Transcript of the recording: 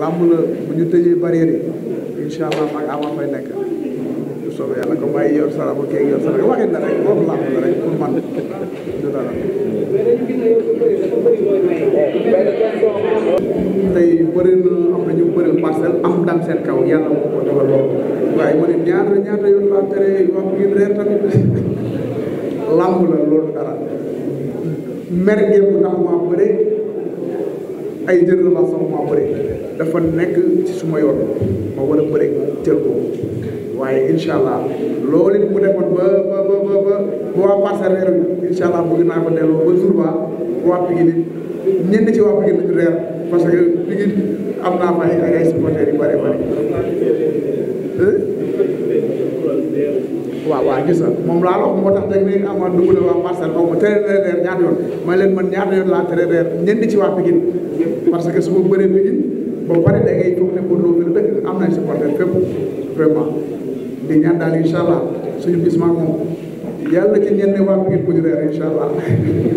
làmb la bu ñu tëjee barrière yi incha allah mag ama fay nekk bu soobee na am na ñu bëri parcelle am dal seen kaw yàlla moo ko dogal waaye ma ne ñaata ñaata ay jël la sama ma bëre dafa nekk ci suma yoon ma war a bëre jël ko waaye incha allah loolu it mu defoon ba ba ba ba ba waa Parcelles reer bi incha allah naa ko delloo ba jour ba waa Pikine ñenn ci waa Pikine reer parce que Pikine am naa fa ay ay supporters waaw waaw gis nga moom laa la wax moo tax rek ne ama dugg na waa parcelle moom ma tere reer ñaata yoon ma leen man ñaata yoon laa tere reer ñenn ci waa Pikine parce que su ma bëree Pikine ba pare da ngay foog ne ko loolu la dëkk am nañ supporter fépp vraiment di ñaan daal incha allah suñu gis maa moom yàlla ci ñenn waa Pikine bu ñu reer incha